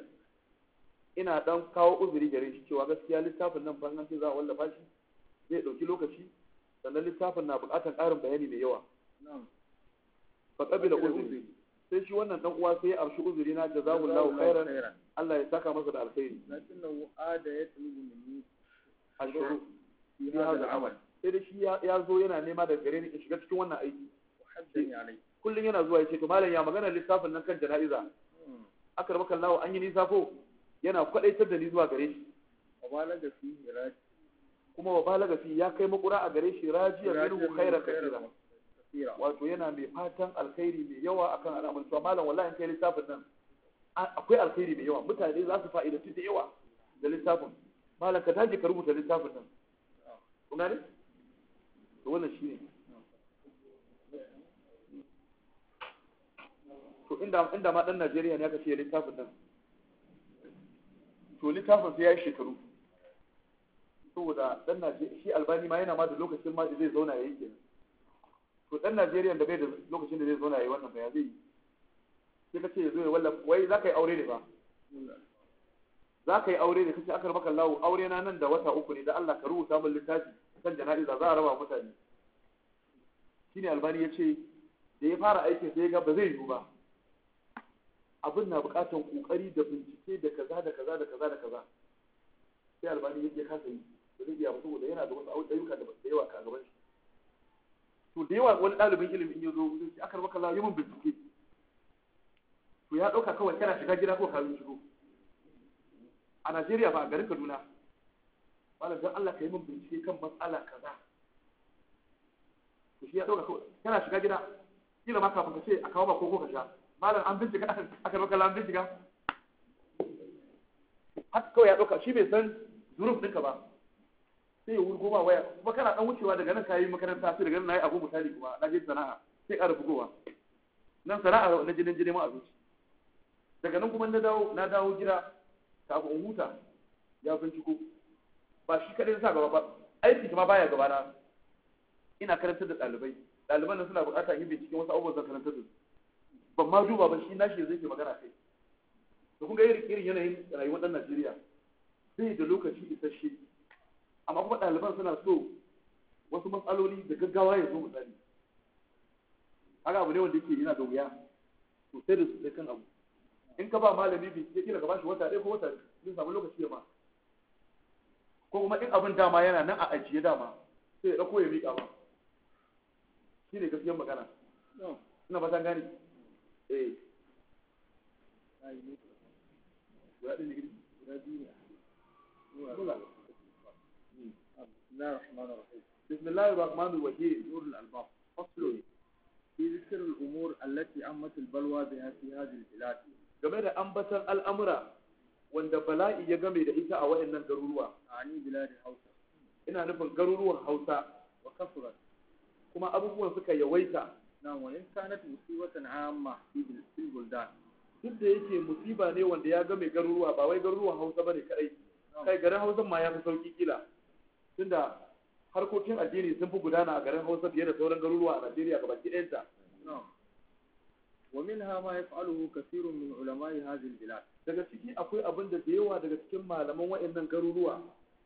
ina dan kawo uzuri gare shi cewa gaskiya littafin nan fa nan za a wallafa shi zai dauki lokaci sannan littafin na bukatar karin bayani mai yawa na'am fa qabila uzuri sai shi wannan dan uwa sai ya amshi uzuri na jazakumullahu khairan Allah ya saka masa da alkhairi lakinnahu ada yatlubu minni ashuru fi amal sai da shi ya zo yana nema da gare ni in shiga cikin wannan aiki kullum yana zuwa yace to malam ya magana lissafin nan kan jana'iza hmm. aka raba kallawa an yi nisa ko yana kwadaitar da ni zuwa gare shi wabalaga fi kuma wabalaga fi ya kai makura a gare shi rajiya minhu khairan kathira كثيرا wato yana mai fatan alkhairi mai yawa akan al'amarin to malam wallahi in kai lissafin nan akwai alkhairi mai yawa mutane za su fa'idatu da yawa da lissafin malam ka taje ka rubuta lissafin nan kun gane to wannan shine to inda inda ma dan Najeriya ne aka ce littafin nan to littafin sai ya yi shekaru saboda dan Najeriya shi albani ma yana ma da lokacin ma zai zauna ya yi kenan to dan Najeriya da bai da lokacin da zai zauna yi wannan bayan zai sai kace zo ya wallafa wai za ka yi aure ne ba? za ka yi aure ne kace aka maka lawo aure na nan da wata uku ne da Allah ka rubuta min littafi kan jana'iza za a raba mutane shine albani ya ce da ya fara aikin sai ga ba zai yi ba abin na bukatar kokari da bincike da kaza da kaza da kaza da kaza sai albani yake kasa yi da zai iya mutu da yana da wasu ayyuka da yawa ka gaban shi to da yawa wani ɗalibin ilimin ya zo zai aka maka la yawan bincike to ya ɗauka kawai kana shiga gida ko kawai shigo a Najeriya ba a garin Kaduna malam don Allah ka yi min bincike kan matsala kaza to shi ya ɗauka kawai kana shiga gida kila ma kafin ka ce a kawo ba ko ka sha malam an bincika aka maka kala an bincika haka kawai ya ɗauka shi bai san zuruf ɗinka ba sai ya ko ba waya kuma kana dan wucewa daga nan kayi makaranta sai daga nan nayi abu misali kuma na je sana'a sai ƙara bugowa nan sana'a na je nan je neman abinci daga nan kuma na dawo na dawo gida kafin in huta ya ciko. ba shi kadai sa gaba ba aiki kuma baya gaba na ina karantar da ɗalibai ɗaliban nan suna buƙatar yin cikin wasu abubuwan zan karantar da su ban ma duba ba shi na shi zai ke magana kai da kun ga irin yanayin rayuwar ɗan Najeriya sai da lokaci isasshe amma kuma ɗaliban suna so wasu matsaloli da gaggawa ya zo misali haka abu ne wanda yake yana da wuya sosai da sosai kan abu in ka ba malami bi ya kira ka shi wata ɗaya ko wata zai samu lokaci ya ma ko kuma in abin dama yana nan a ajiye dama sai ya ɗauko ya miƙa ma shi ne gaskiyar magana ina ba ta gane eh guda ɗaya ne guda biyu ne بسم الله الرحمن الرحيم بسم الله الرحمن الرحيم نور الألباب فصل في ذكر الأمور التي أمت البلوى بها في هذه البلاد game da ambatan al'amura wanda bala'i ya game da ita a waɗannan garuruwa a ni biladin hausa ina nufin garuruwan hausa wa kasurar kuma abubuwan suka yawaita na wayan kanat musibatan amma fil buldan duk da yake musiba ne wanda ya game garuruwa ba wai garuruwan hausa ba ne kadai kai garin hausa ma ya fi sauki kila tunda harkokin addini sun fi gudana a garin Hausa fiye da sauran garuruwa a Najeriya ga baki ɗayanta. ومنها ما يفعله كثير من علماء هذه البلاد daga ciki akwai abin da yawa daga cikin malaman wayannan garuruwa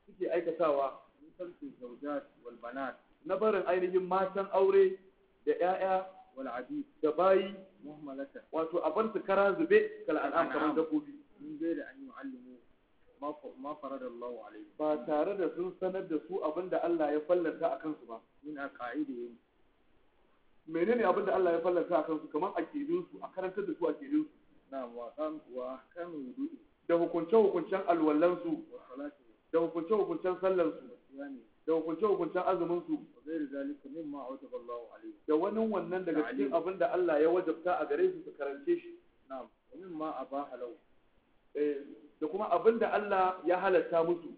suke aikatawa min tarkin zawjat wal banat na barin ainihin matan aure da 'ya'ya wal abid da bayi muhammalata wato a su kara zube kal an'am kamar dabbobi min da an yi ma faradallahu alaihi ba tare da sun sanar da su abinda Allah ya fallanta a kansu ba min aqaidihim menene abinda Allah ya fallanta a kansu kamar a aqidun su a karantar da su a aqidun su na'am wa kan wa da hukunce hukuncen alwallan su da hukunce hukuncen sallar su da hukunce hukuncen azumin su da wani wannan daga cikin abinda Allah ya wajabta a gare su su karance shi na'am min ma abaha lahu eh, da kuma abinda Allah ya halatta musu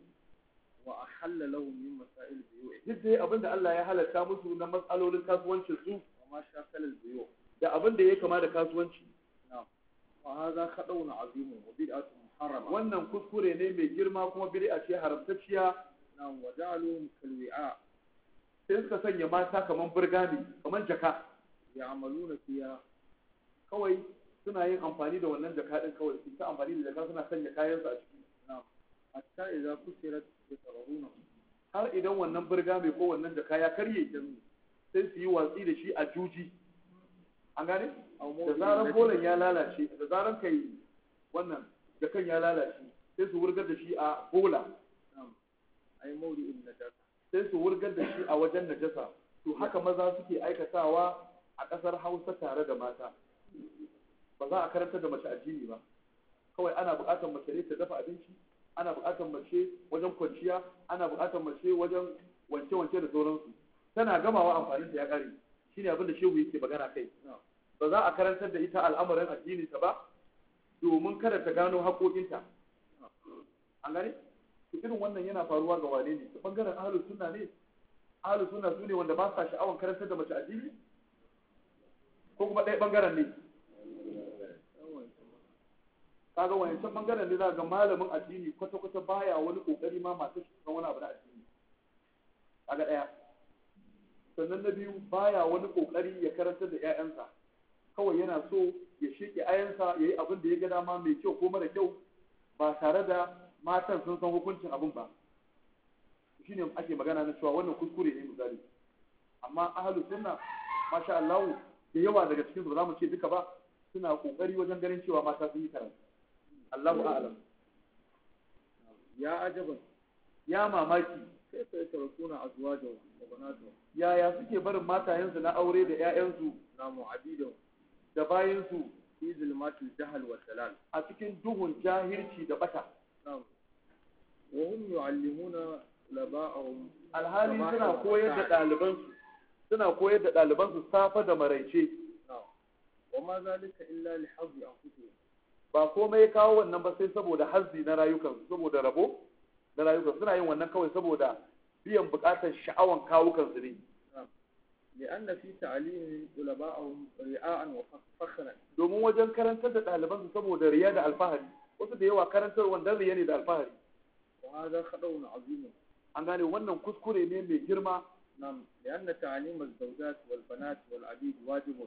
wa ahalla min masail biyu duk dai abinda Allah ya halatta musu na matsalolin kasuwancin su amma biyu da abinda ya kama da kasuwanci wa azimu wa bid'atu muharrama wannan kuskure ne mai girma kuma bid'a ce haramtacciya na wajalu kalwi'a sai suka sanya mata kaman burgami kaman jaka ya amaluna fiya kawai suna yin amfani da wannan jaka din kawai su ta amfani da jaka suna sanya kayansu a ciki hatta idan da yatarawuna har idan wannan burga mai ko wannan jaka ya karye kin sai su yi watsi da shi a juji an gane da zaran bolan ya lalace da zaran kai wannan jakan ya lalace sai su wurgar da shi a bola ai in najasa sai su wurgar da shi a wajen najasa to haka maza suke aikatawa a ƙasar Hausa tare da mata ba za a karanta da mace addini ba kawai ana buƙatar mace ne ta dafa abinci ana buƙatar mace wajen kwanciya ana buƙatar mace wajen wance-wance da sauransu tana gamawa amfanin da ya ƙare shine abin da shehu yake magana kai ba za a karantar da ita al'amarin addini ta ba domin kada ta gano haƙoƙinta an gane irin wannan yana faruwa ga wane ne ta bangaren sunna ne ahlus sunna su ne wanda ba sa sha'awan karantar da mace addini ko kuma ɗaya bangaren ne kaga wancan bangaren ne za ga malamin addini kwata-kwata baya wani kokari ma masu shugaban wani abu na addini kaga daya sannan na biyu baya wani kokari ya karantar da 'ya'yansa kawai yana so ya shike ayansa ya yi abin da ya ga dama mai kyau ko mara kyau ba tare da matan sun san hukuncin abin ba ne ake magana na cewa wannan kuskure ne misali amma ahalu sunna masha Allah da yawa daga cikin su ba za mu ce duka ba suna kokari wajen ganin cewa mata sun yi karatu Allahu a'lam ya ajaba ya mamaki sai sai tarakuna azwajahu wa banatuhu ya ya suke barin matayensu na aure da ƴaƴansu na mu'abido da bayin su fi zulmatil jahal wa salal a cikin duhun jahilci da bata na'am wa hum yu'allimuna laba'ahum alhali suna koyar da daliban su suna koyar da daliban su safa da maraice wa ma zalika illa li hazzi anfusihim ba komai ya kawo wannan ba sai saboda hazzi na rayukansu saboda rabo na rayukansu suna yin wannan kawai saboda biyan bukatar sha'awan kawukansu ne لأن في تعليم طلبائهم رياء وفخرا domin wajen karantar da ɗalibansu, saboda riya da alfahari wasu da yawa karantar wannan riya ne da alfahari wa hada khadawun azim an gane wannan kuskure ne mai girma nam لأن تعليم الزوجات والبنات والعبيد واجب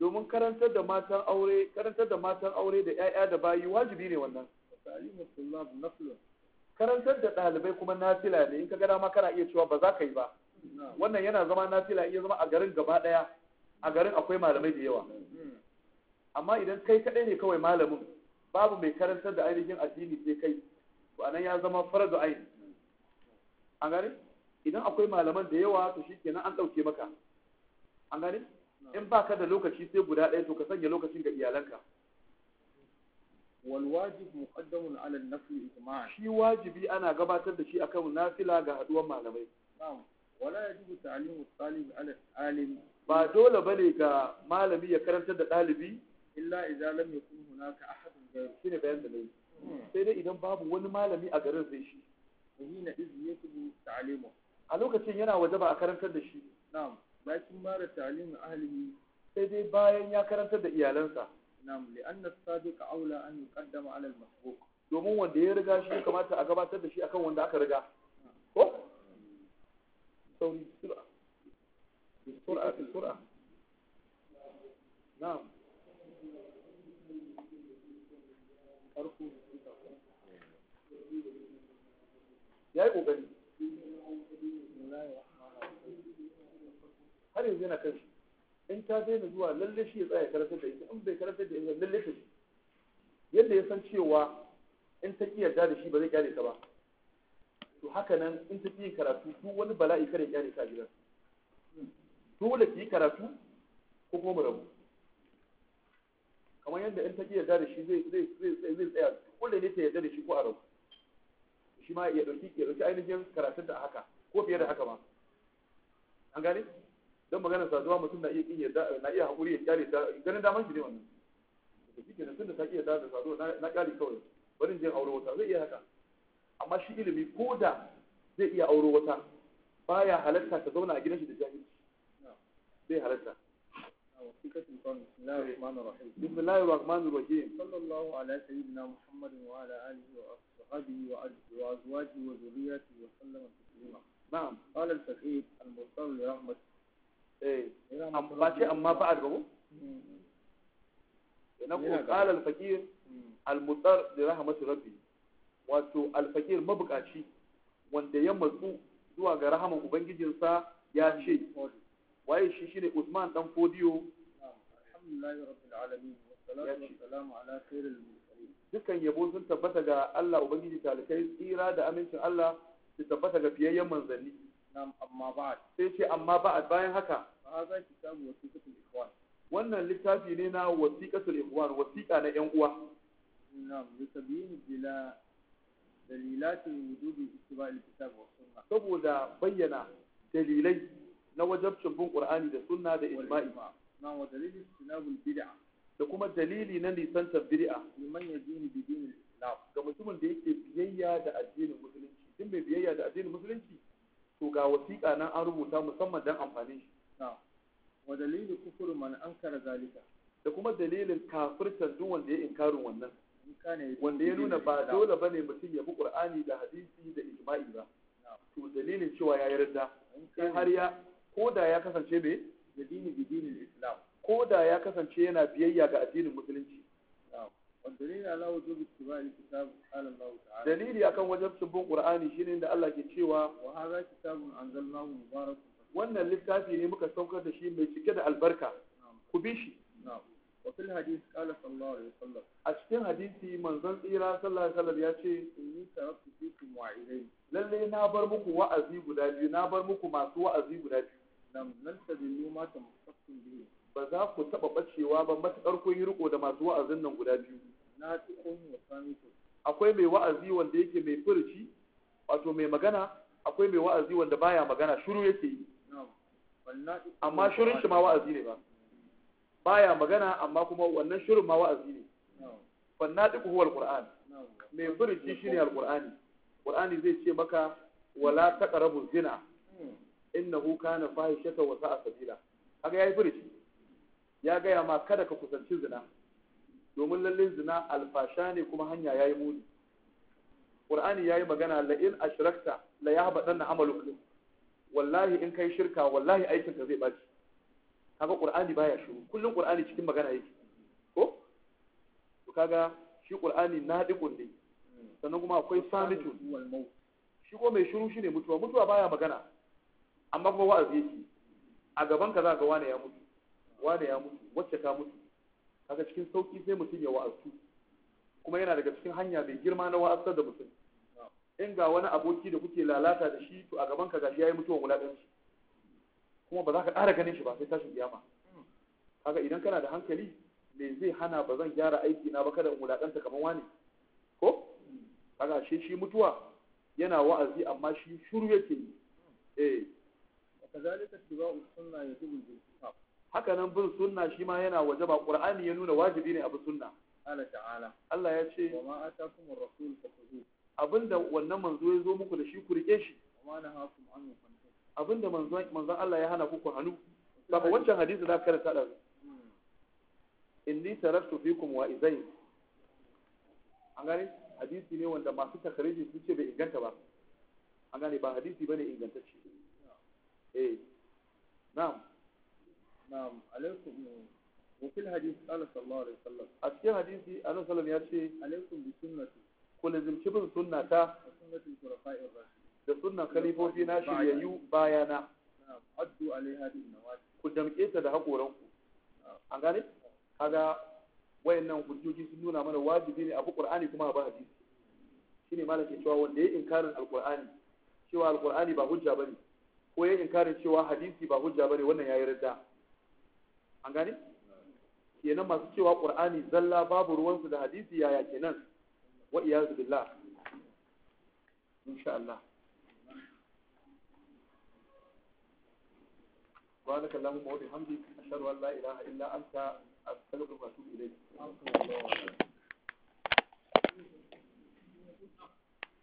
domin karantar da matan aure karantar da matan aure da ƴaƴa da bayi wajibi ne wannan karantar da ɗalibai kuma nafila ne in ka gada ma kana iya cewa ba za ka yi ba wannan yana zama nafila iya zama a garin gaba ɗaya a garin akwai malamai da yawa hmm. amma idan kai kaɗai ne kawai malamin babu mai karantar da ainihin addini sai kai to anan ya zama farzu aini an idan akwai malaman da yawa to shikenan an ɗauke maka an in ka da lokaci sai guda ɗaya to ka sanya lokacin ga iyalanka wal wajib muqaddamun ala an-nafl ijma'an shi wajibi ana gabatar da shi akan nafila ga haduwan malamai na'am wala yajibu ta'limu talib ala alim ba dole bane ga malami ya karantar da dalibi illa idza lam yakun hunaka ahadun ghayr shine bayan da nayi sai dai idan babu wani malami a garin sai shi hina izni yajibu ta'limu a lokacin yana wajaba a karantar da shi na'am bakin mara talin ahlihi sai dai bayan ya karantar da iyalansa na'am li anna as-sabiq aula an yuqaddama ala al domin wanda ya riga shi kamata a gabatar da shi akan wanda aka riga ko sauri sura sura sura yayi har yanzu yana kan shi in ta daina zuwa lalle shi ya tsaya karatar da ita in bai karatar da ita lalle ta yadda ya san cewa in ta ki da shi ba zai kyale ta ba to haka nan in ta ki karatu duk wani bala'i kare kyale ta gidan dole ki yi karatu ko kuma mu rabu kamar yadda in ta ki da shi zai zai zai zai tsaya dole ne ta yarda da shi ko a rabu shi ma ya dauki ya dauki ainihin karatun da haka ko fiye da haka ma an gane don magana sa zuwa mutum na iya kin yadda na iya hakuri ya kyale ta ganin daman shi ne wannan to shi kenan tunda ta iya da saduwa na kyale kawai barin jin aure wata zai iya haka amma shi ilimi ko da zai iya aure wata baya halatta ka zauna a gidan shi da jahilci zai halatta وصيكة القرن بسم الله الرحمن الرحيم بسم الله الرحمن الرحيم صلى الله على سيدنا محمد وعلى آله وأصحابه وأزواجه وذريته وسلم تسليما نعم قال الفقيه المرسل لرحمة Eh, ba ce amma ba gabo. Hmm. na ku kala alfakir almutsar da hmm. rahamatu rabbi wato alfakir mabukaci wanda ya matsu zuwa ga rahaman ubangijinsa ya ce waye shi shine Usman dan Fodiyo alhamdulillahi rabbil alamin wassalatu ala khairil mursalin dukan yabo sun tabbata ga Allah ubangiji talakai tsira da amincin Allah su tabbata ga fiyayyen manzanni nam amma ba'ad sai ce amma ba'ad bayan haka fa za ki samu wasiqatul ikhwan wannan littafi ne na wasiqatul ikhwan wasiqa na yan uwa nam yusabbin bila dalilatin wujubi ittiba'il kitab wa sunna saboda bayyana dalilai na wajabcin bin qur'ani da sunna da ijma'i nam wa dalilin sunabul bid'a da kuma dalili na lisantar bid'a liman yadini bi islam ga mutumin da yake biyayya da addinin musulunci din mai biyayya da addinin musulunci to ga wasiƙa nan an rubuta musamman don amfani. shi wa dalilin kufur man ankara zalika da kuma dalilin kafirtar duk wanda ya inkarin wannan wanda ya nuna ba dole ba ne mutum ya bi qur'ani da hadisi da ijma'i ba to dalilin cewa ya yarda in har ya ko da ya kasance me Dalilin dini islam ko da ya kasance yana biyayya ga addinin musulunci dalili akan wajen bin qur'ani shine da Allah ke cewa wa hadha kitabun anzalnahu mubarakun wannan littafi ne muka saukar da shi mai cike da albarka ku bi shi wa fil hadith qala sallallahu alaihi wasallam a cikin hadisi manzon tsira sallallahu alaihi wasallam ya ce inni taraktu fikum wa'idain lalle na bar muku wa'azi guda biyu na bar muku masu wa'azi guda biyu nam nan tabillu ma tamassakum bihi ba za ku taɓa ɓacewa ba matuƙar kun yi riko da masu wa'azin nan guda biyu akwai mai wa'azi wanda yake mai furuci, wato mai magana akwai mai wa'azi wanda baya magana shiru yake yi amma shirin shi ma wa'azi ne ba baya magana amma kuma wannan shirin ma wa'azi ne ku huwa alquran mai furci shine al qurani zai ce maka wala taqrabu zina hmm. hu kana fahishata wa sa'a sabila kaga yayi furci ya gaya ma kada ka kusanci zina domin lalle zina alfasha ne kuma hanya ya yi muni ya yi magana la in ashrakta la ɗan amaluka wallahi in kai shirka wallahi aikin ka zai ɓaci kaga ƙur'ani baya shiru Kullum ƙur'ani cikin magana yake ko to kaga shi na nadiqun ne sannan kuma akwai samitun shi ko mai shiru shine mutuwa mutuwa baya magana amma kuma wa'azi yake a gaban ka za ga wane ya mutu wane ya mutu wacce ta mutu kaga cikin sauki sai mutum ya wa'azu kuma yana daga cikin hanya mai girma na wa'azar da mutum in ga wani aboki da kuke lalata da shi to a gaban ka gashi yayi mutuwa wulaƙanci kuma ba za ka ƙara ganin shi ba sai tashin kiyama kaga idan kana da hankali me zai hana ba zan gyara aiki na ba kada in ta kamar wani ko kaga shi shi mutuwa yana wa'azi amma shi shiru yake yi eh kazalika tibau sunna yajibu al-intisab haka nan bin sunna shi ma yana ba. qur'ani ya nuna wajibi ne a bin sunna Allah ta'ala Allah ya ce wa ma rasul fakhudhu abinda wannan manzo ya zo muku da shi ku rike shi wa abinda manzo manzo Allah ya hana ku ku hanu saka wancan hadisi da rasa da inni taraktu fikum wa izain an gane hadisi ne wanda masu takariji sun ce bai inganta ba an gane ba hadisi bane ingantacce eh na'am na'am alaikum wakil hadisi qala sallallahu ya ce ku lazimci bin sunnata sunnatul khulafa'ir rashidin da sunnan khalifofi na bayana ku damƙe da haƙoranku an gane kaga wayannan hujjoji sun nuna mana wajibi ne abu qur'ani kuma abu hadisi shine malam ke cewa wanda ya inkarin alqur'ani cewa alqur'ani ba hujja bane ko ya inkarin cewa hadisi ba hujja bane wannan yayi radda an gani ke masu cewa qur'ani, zalla babu ruwansu da hadisi yaya ke nan wa iya zubilla insha Allah wani kallon mu mawadi hamdi a sharuwar la'ira a illa an ta a talibin masu ilai